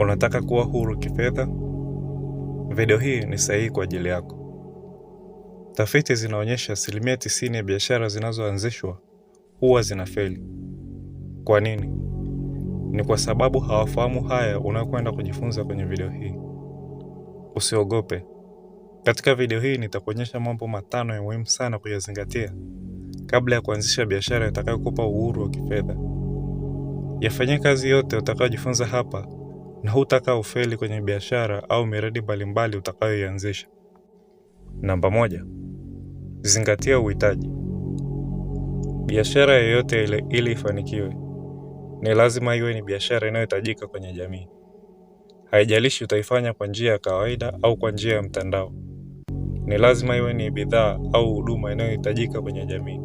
Unataka kuwa huru kifedha? Video hii ni sahihi kwa ajili yako. Tafiti zinaonyesha asilimia tisini ya biashara zinazoanzishwa huwa zinafeli. Kwa nini? Ni kwa sababu hawafahamu haya unayokwenda kujifunza kwenye video hii. Usiogope. Katika video hii nitakuonyesha mambo matano ya muhimu sana kuyazingatia kabla ya kuanzisha biashara itakayokupa uhuru wa kifedha. Yafanyie kazi yote utakayojifunza hapa na hutaka ufeli kwenye biashara au miradi mbalimbali utakayoianzisha. Namba moja, zingatia uhitaji. Biashara yoyote ile ili ifanikiwe, ni lazima iwe ni biashara inayohitajika kwenye jamii. Haijalishi utaifanya kwa njia ya kawaida au kwa njia ya mtandao, ni lazima iwe ni bidhaa au huduma inayohitajika kwenye jamii.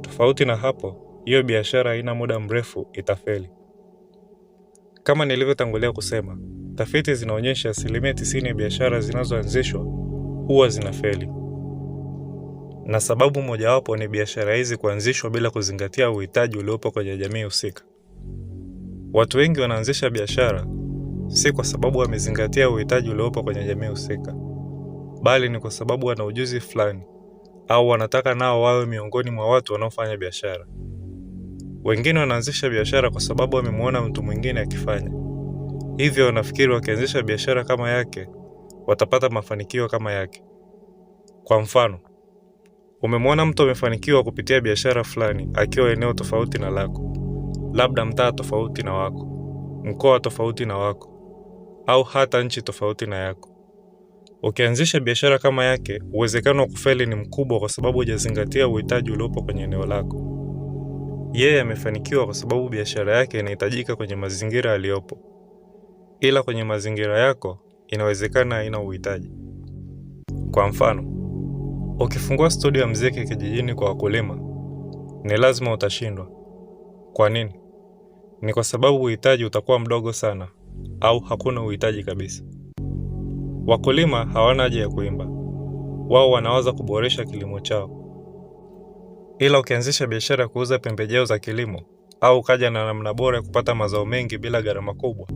Tofauti na hapo, hiyo biashara haina muda mrefu, itafeli. Kama nilivyotangulia kusema, tafiti zinaonyesha asilimia tisini ya biashara zinazoanzishwa huwa zinafeli, na sababu mojawapo ni biashara hizi kuanzishwa bila kuzingatia uhitaji uliopo kwenye jamii husika. Watu wengi wanaanzisha biashara si kwa sababu wamezingatia uhitaji uliopo kwenye jamii husika, bali ni kwa sababu wana ujuzi fulani au wanataka nao wawe miongoni mwa watu wanaofanya biashara. Wengine wanaanzisha biashara kwa sababu wamemwona mtu mwingine akifanya hivyo, wanafikiri wakianzisha biashara kama yake watapata mafanikio kama yake. Kwa mfano, umemwona mtu amefanikiwa kupitia biashara fulani akiwa eneo tofauti na lako, labda mtaa tofauti na wako, mkoa tofauti na wako, au hata nchi tofauti na yako. Ukianzisha biashara kama yake, uwezekano wa kufeli ni mkubwa, kwa sababu hujazingatia uhitaji uliopo kwenye eneo lako. Yeye amefanikiwa kwa sababu biashara yake inahitajika kwenye mazingira aliyopo, ila kwenye mazingira yako inawezekana haina uhitaji. Kwa mfano, ukifungua studio ya mziki kijijini kwa wakulima, ni lazima utashindwa. Kwa nini? Ni kwa sababu uhitaji utakuwa mdogo sana, au hakuna uhitaji kabisa. Wakulima hawana haja ya kuimba, wao wanawaza kuboresha kilimo chao. Ila ukianzisha biashara ya kuuza pembejeo za kilimo au ukaja na namna bora ya kupata mazao mengi bila gharama kubwa,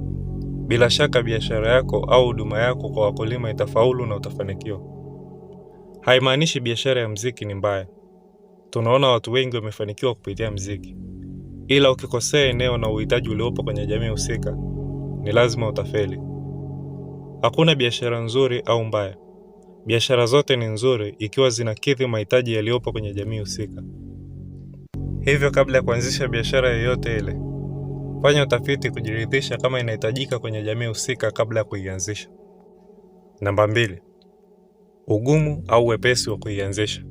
bila shaka biashara yako au huduma yako kwa wakulima itafaulu na utafanikiwa. Haimaanishi biashara ya mziki ni mbaya. Tunaona watu wengi wamefanikiwa kupitia mziki, ila ukikosea eneo na uhitaji uliopo kwenye jamii husika, ni lazima utafeli. Hakuna biashara nzuri au mbaya. Biashara zote ni nzuri ikiwa zinakidhi mahitaji yaliyopo kwenye jamii husika. Hivyo, kabla ya kuanzisha biashara yoyote ile, fanya utafiti kujiridhisha kama inahitajika kwenye jamii husika kabla ya kuianzisha. Namba mbili, ugumu au wepesi wa kuianzisha.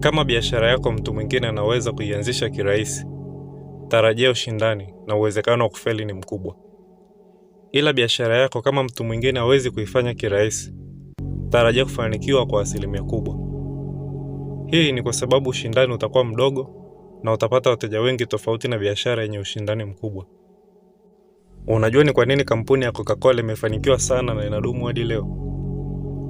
Kama biashara yako mtu mwingine anaweza kuianzisha kirahisi, tarajia ushindani na uwezekano wa kufeli ni mkubwa. Ila biashara yako kama mtu mwingine hawezi kuifanya kirahisi, tarajia kufanikiwa kwa asilimia kubwa. Hii ni kwa sababu ushindani utakuwa mdogo na utapata wateja wengi tofauti na biashara yenye ushindani mkubwa. Unajua ni kwa nini kampuni ya Coca-Cola imefanikiwa sana na inadumu hadi leo?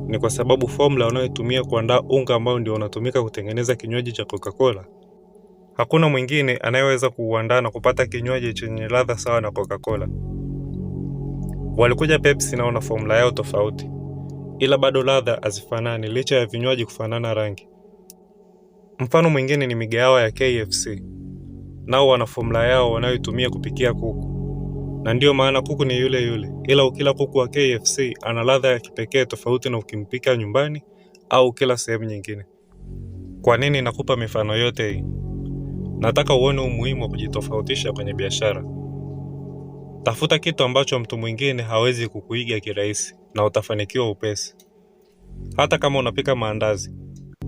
Ni kwa sababu formula wanayotumia kuandaa unga ambao ndio unatumika kutengeneza kinywaji cha Coca-Cola, hakuna mwingine anayeweza kuuandaa na kupata kinywaji chenye ladha sawa na Coca-Cola. Walikuja Pepsi na wana formula yao tofauti ila bado ladha hazifanani licha ya vinywaji kufanana rangi. Mfano mwingine ni migahawa ya KFC, nao wana formula yao wanayoitumia kupikia kuku, na ndiyo maana kuku ni yule yule, ila ukila kuku wa KFC ana ladha ya kipekee tofauti na ukimpika nyumbani au kila sehemu nyingine. Kwa nini nakupa mifano yote hii? Nataka uone umuhimu wa kujitofautisha kwenye biashara. Tafuta kitu ambacho mtu mwingine hawezi kukuiga kirahisi na utafanikiwa upesi. Hata kama unapika maandazi,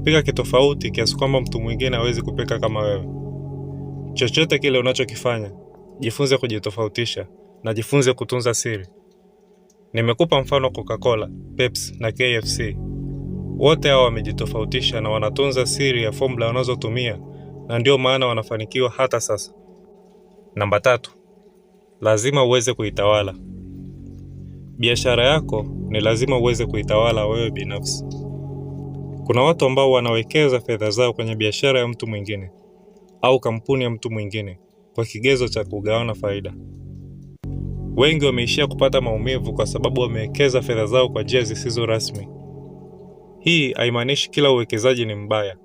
pika kitofauti kiasi kwamba mtu mwingine hawezi kupika kama wewe. Chochote kile unachokifanya, jifunze kujitofautisha na jifunze kutunza siri. Nimekupa mfano Coca-Cola, Pepsi na KFC. Wote hao wamejitofautisha na wanatunza siri ya fomula wanazotumia na ndio maana wanafanikiwa hata sasa. Namba tatu lazima uweze kuitawala biashara yako. Ni lazima uweze kuitawala wewe binafsi. Kuna watu ambao wanawekeza fedha zao kwenye biashara ya mtu mwingine au kampuni ya mtu mwingine kwa kigezo cha kugawana faida. Wengi wameishia kupata maumivu kwa sababu wamewekeza fedha zao kwa njia zisizo rasmi. Hii haimaanishi kila uwekezaji ni mbaya,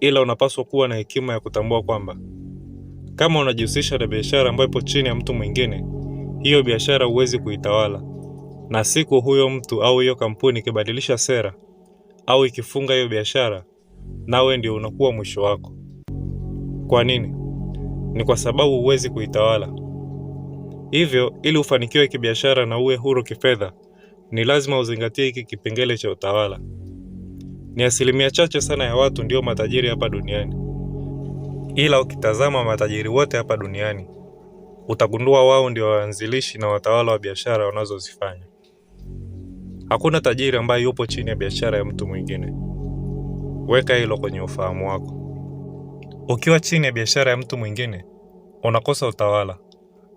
ila unapaswa kuwa na hekima ya kutambua kwamba kama unajihusisha na biashara ambayo ipo chini ya mtu mwingine, hiyo biashara huwezi kuitawala, na siku huyo mtu au hiyo kampuni ikibadilisha sera au ikifunga hiyo biashara, nawe ndio unakuwa mwisho wako. Kwa nini? Ni kwa sababu huwezi kuitawala. Hivyo, ili ufanikiwe kibiashara na uwe huru kifedha, ni lazima uzingatie hiki kipengele cha utawala. Ni asilimia chache sana ya watu ndio matajiri hapa duniani, Ila ukitazama matajiri wote hapa duniani utagundua wao ndio waanzilishi na watawala wa biashara wanazozifanya. Hakuna tajiri ambaye yupo chini ya biashara ya mtu mwingine. Weka hilo kwenye ufahamu wako. Ukiwa chini ya biashara ya mtu mwingine, unakosa utawala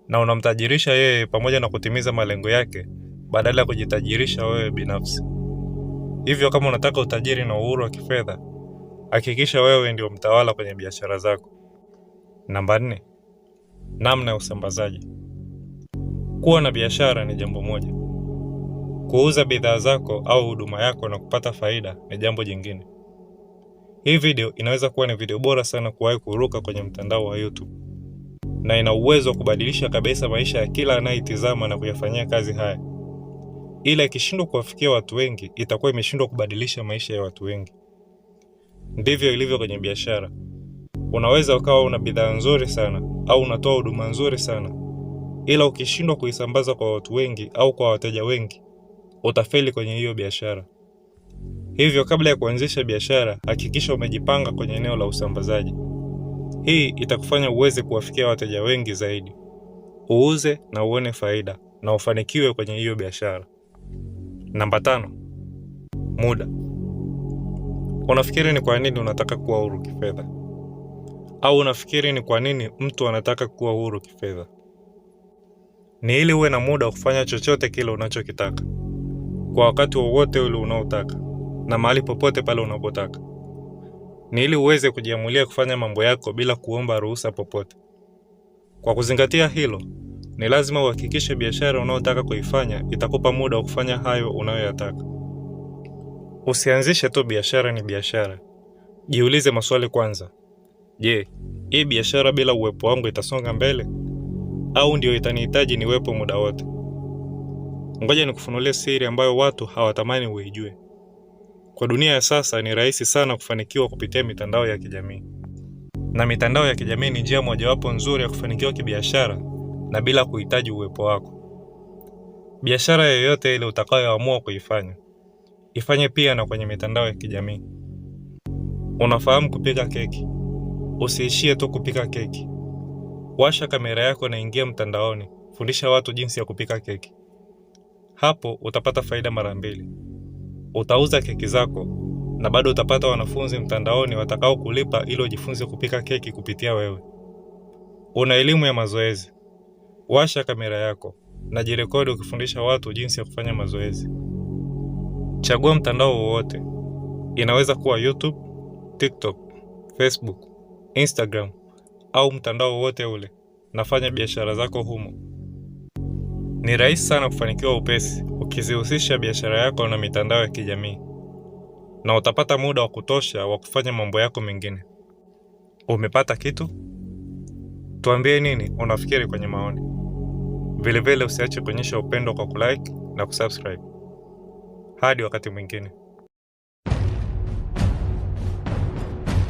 na unamtajirisha yeye pamoja na kutimiza malengo yake badala ya kujitajirisha wewe binafsi. Hivyo kama unataka utajiri na uhuru wa kifedha hakikisha wewe ndio mtawala kwenye biashara zako. Namba nne, namna ya usambazaji. Kuwa na biashara ni jambo moja, kuuza bidhaa zako au huduma yako na kupata faida ni jambo jingine. Hii video inaweza kuwa ni video bora sana kuwahi kuruka kwenye mtandao wa YouTube na ina uwezo wa kubadilisha kabisa maisha ya kila anayeitizama na kuyafanyia kazi haya, ila ikishindwa kuwafikia watu wengi itakuwa imeshindwa kubadilisha maisha ya watu wengi. Ndivyo ilivyo kwenye biashara. Unaweza ukawa una bidhaa nzuri sana au unatoa huduma nzuri sana, ila ukishindwa kuisambaza kwa watu wengi au kwa wateja wengi, utafeli kwenye hiyo biashara. Hivyo, kabla ya kuanzisha biashara, hakikisha umejipanga kwenye eneo la usambazaji. Hii itakufanya uweze kuwafikia wateja wengi zaidi, uuze na uone faida na ufanikiwe kwenye hiyo biashara. Namba tano, muda. Unafikiri ni kwa nini unataka kuwa huru kifedha? Au unafikiri ni kwa nini mtu anataka kuwa huru kifedha? Ni ili uwe na muda wa kufanya chochote kile unachokitaka kwa wakati wowote ule unaotaka na mahali popote pale unapotaka. Ni ili uweze kujiamulia kufanya mambo yako bila kuomba ruhusa popote. Kwa kuzingatia hilo, ni lazima uhakikishe biashara unayotaka kuifanya itakupa muda wa kufanya hayo unayoyataka. Usianzishe tu biashara ni biashara. Jiulize maswali kwanza. Je, hii biashara bila uwepo wangu itasonga mbele au ndio itanihitaji niwepo muda wote? Ngoja nikufunulie siri ambayo watu hawatamani uijue. Kwa dunia ya sasa ni rahisi sana kufanikiwa kupitia mitandao ya kijamii, na mitandao ya kijamii ni njia mojawapo nzuri ya kufanikiwa kibiashara na bila kuhitaji uwepo wako. Biashara yoyote ile utakayoamua kuifanya Ifanye pia na kwenye mitandao ya kijamii. Unafahamu kupika keki? Usiishie tu kupika keki. Washa kamera yako na ingia mtandaoni, fundisha watu jinsi ya kupika keki. Hapo utapata faida mara mbili. Utauza keki zako na bado utapata wanafunzi mtandaoni watakao kulipa ili ujifunze kupika keki kupitia wewe. Una elimu ya mazoezi. Washa kamera yako na jirekodi ukifundisha watu jinsi ya kufanya mazoezi. Chagua mtandao wowote, inaweza kuwa YouTube, TikTok, Facebook, Instagram au mtandao wowote ule, nafanya biashara zako humo. Ni rahisi sana kufanikiwa upesi ukizihusisha biashara yako na mitandao ya kijamii, na utapata muda wa kutosha wa kufanya mambo yako mengine. Umepata kitu? Tuambie nini unafikiri kwenye maoni. Vilevile usiache kuonyesha upendo kwa kulike na kusubscribe. Hadi wakati mwingine.